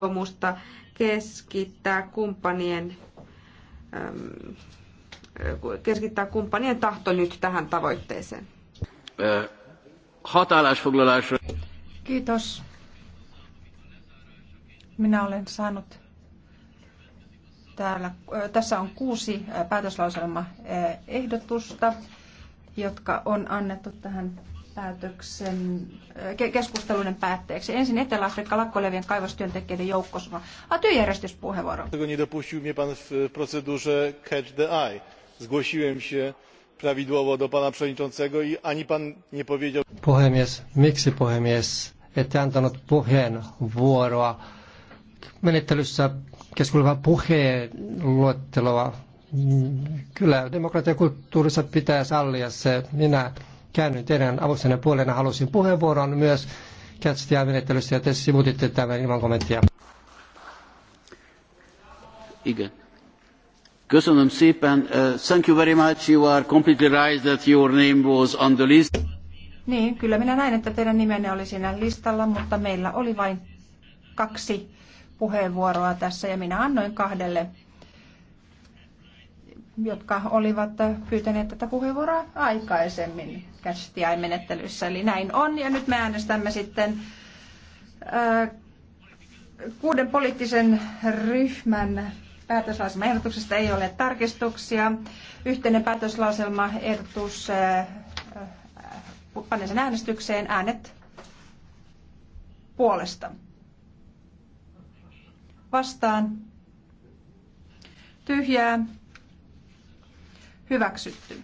toivomusta keskittää kumppanien keskittää kumppanien tahto nyt tähän tavoitteeseen. Kiitos. Minä olen saanut täällä, tässä on kuusi päätöslauselmaehdotusta, jotka on annettu tähän päätöksen, äh, keskustelun päätteeksi. Ensin Etelä-Afrikka lakkoilevien kaivostyöntekijöiden joukkosuma. A työjärjestyspuheenvuoro. Tego nie dopuścił mnie pan w procedurze catch the eye. Zgłosiłem się prawidłowo do pana przewodniczącego i ani pan nie powiedział... Puhemies, miksi puhemies ette antanut puheenvuoroa? Menettelyssä keskustelua puheen luetteloa mm, Kyllä, demokratiakulttuurissa pitää sallia se. Minä käännyin teidän avustanne puolena. Halusin puheenvuoron myös Catch-menettelystä ja te sivutitte tämän ilman kommenttia. Igen. Köszönöm szépen. Uh, thank you very much. You are completely right that your name was on the list. Niin, kyllä minä näin, että teidän nimenne oli siinä listalla, mutta meillä oli vain kaksi puheenvuoroa tässä ja minä annoin kahdelle jotka olivat pyytäneet tätä puheenvuoroa aikaisemmin käsitiaimenettelyssä. Eli näin on. Ja nyt me äänestämme sitten äh, kuuden poliittisen ryhmän päätöslauselmaehdotuksesta ei ole tarkistuksia. Yhteinen päätöslauselma äh, äh panen sen äänestykseen, äänet puolesta. Vastaan. Tyhjää Hyväksytty.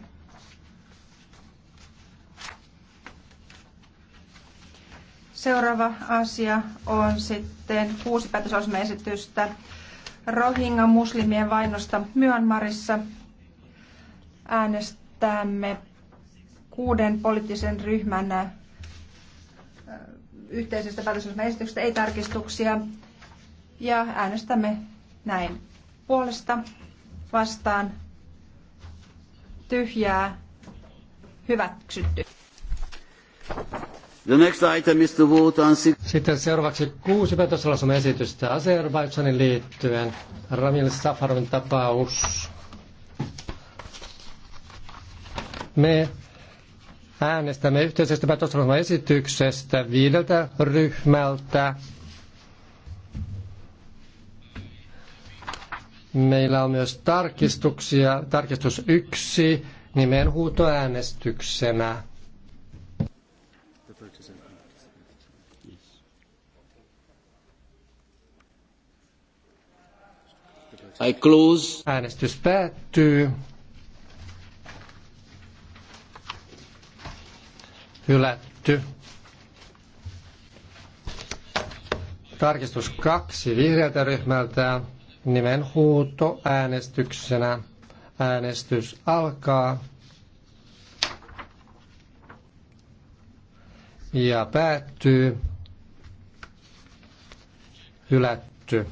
Seuraava asia on sitten kuusi päätösosmeesitystä rohingya muslimien vainosta Myanmarissa. Äänestämme kuuden poliittisen ryhmän äh, yhteisestä päätösosmeesityksestä ei tarkistuksia. Ja äänestämme näin puolesta vastaan tyhjää hyväksytty. The next item is to vote on six... Sitten seuraavaksi kuusi petoslausuma esitystä Azerbaidsanin liittyen. Ramil Safarovin tapaus. Me äänestämme yhteisestä päätöslauselman esityksestä viideltä ryhmältä. Meillä on myös tarkistuksia. Tarkistus yksi nimen I close. Äänestys päättyy. Hylätty. Tarkistus kaksi vihreältä ryhmältä nimen huuto äänestyksenä. Äänestys alkaa ja päättyy. Hylätty.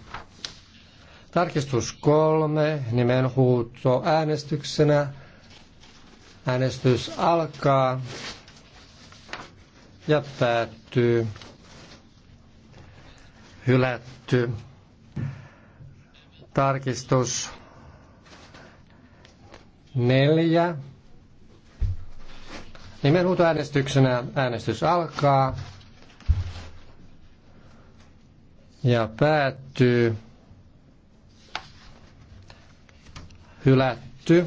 Tarkistus kolme nimen huuto äänestyksenä. Äänestys alkaa ja päättyy. Hylätty. Tarkistus neljä. Nimenhuutoäänestyksenä äänestys alkaa ja päättyy. Hylätty.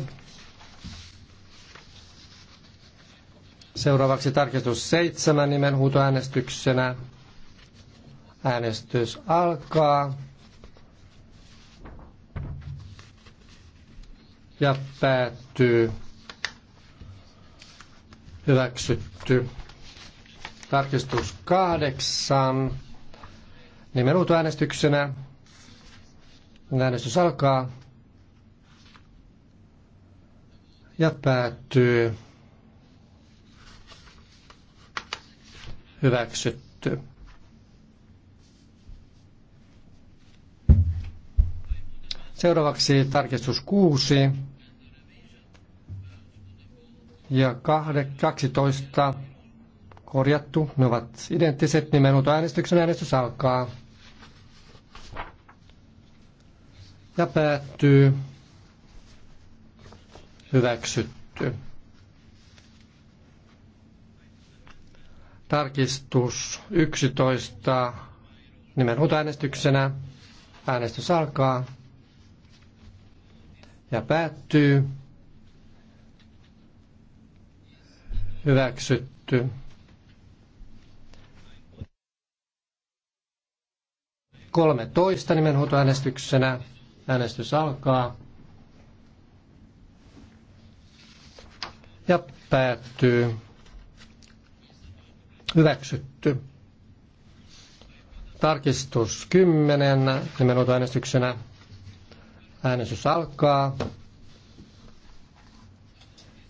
Seuraavaksi tarkistus seitsemän nimenhuutoäänestyksenä. Äänestys alkaa. ja päättyy. Hyväksytty. Tarkistus kahdeksan. äänestyksenä. Äänestys alkaa. Ja päättyy. Hyväksytty. Seuraavaksi tarkistus 6 ja 12 korjattu. Ne ovat identtiset nimenut niin äänestyksen äänestys alkaa. Ja päättyy. Hyväksytty. Tarkistus 11 nimenhuutoäänestyksenä. Äänestys alkaa ja päättyy. Hyväksytty. Kolme toista nimenhuutoäänestyksenä. Äänestys alkaa. Ja päättyy. Hyväksytty. Tarkistus 10 nimenhuutoäänestyksenä. äänestyksenä. Äänestys alkaa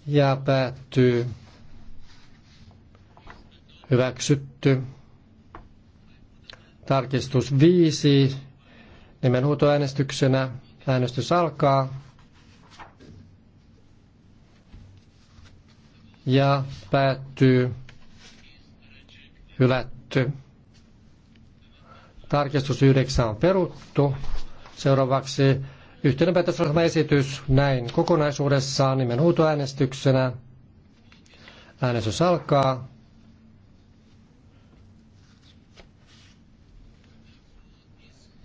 ja päättyy. Hyväksytty. Tarkistus 5. Nimenhuutoäänestyksenä äänestys alkaa. Ja päättyy. Hylätty. Tarkistus 9 on peruttu. Seuraavaksi Yhteinen esitys näin kokonaisuudessaan huutoäänestyksenä. Äänestys alkaa.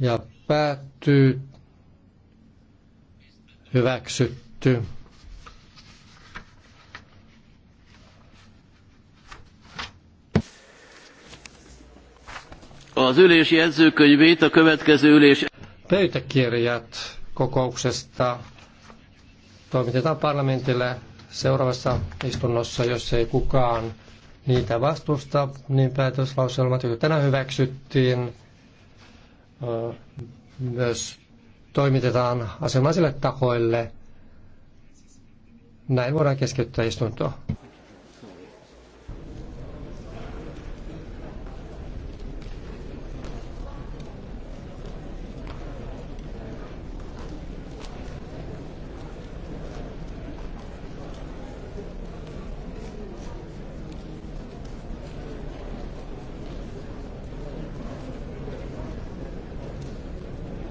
Ja päättyy. Hyväksytty. Az ülés jegyzőkönyvét a következő ülés... Pöytäkirjat kokouksesta toimitetaan parlamentille seuraavassa istunnossa, jos ei kukaan niitä vastusta, niin päätöslauselmat, joita tänään hyväksyttiin, myös toimitetaan asemaisille tahoille. Näin voidaan keskeyttää istuntoa.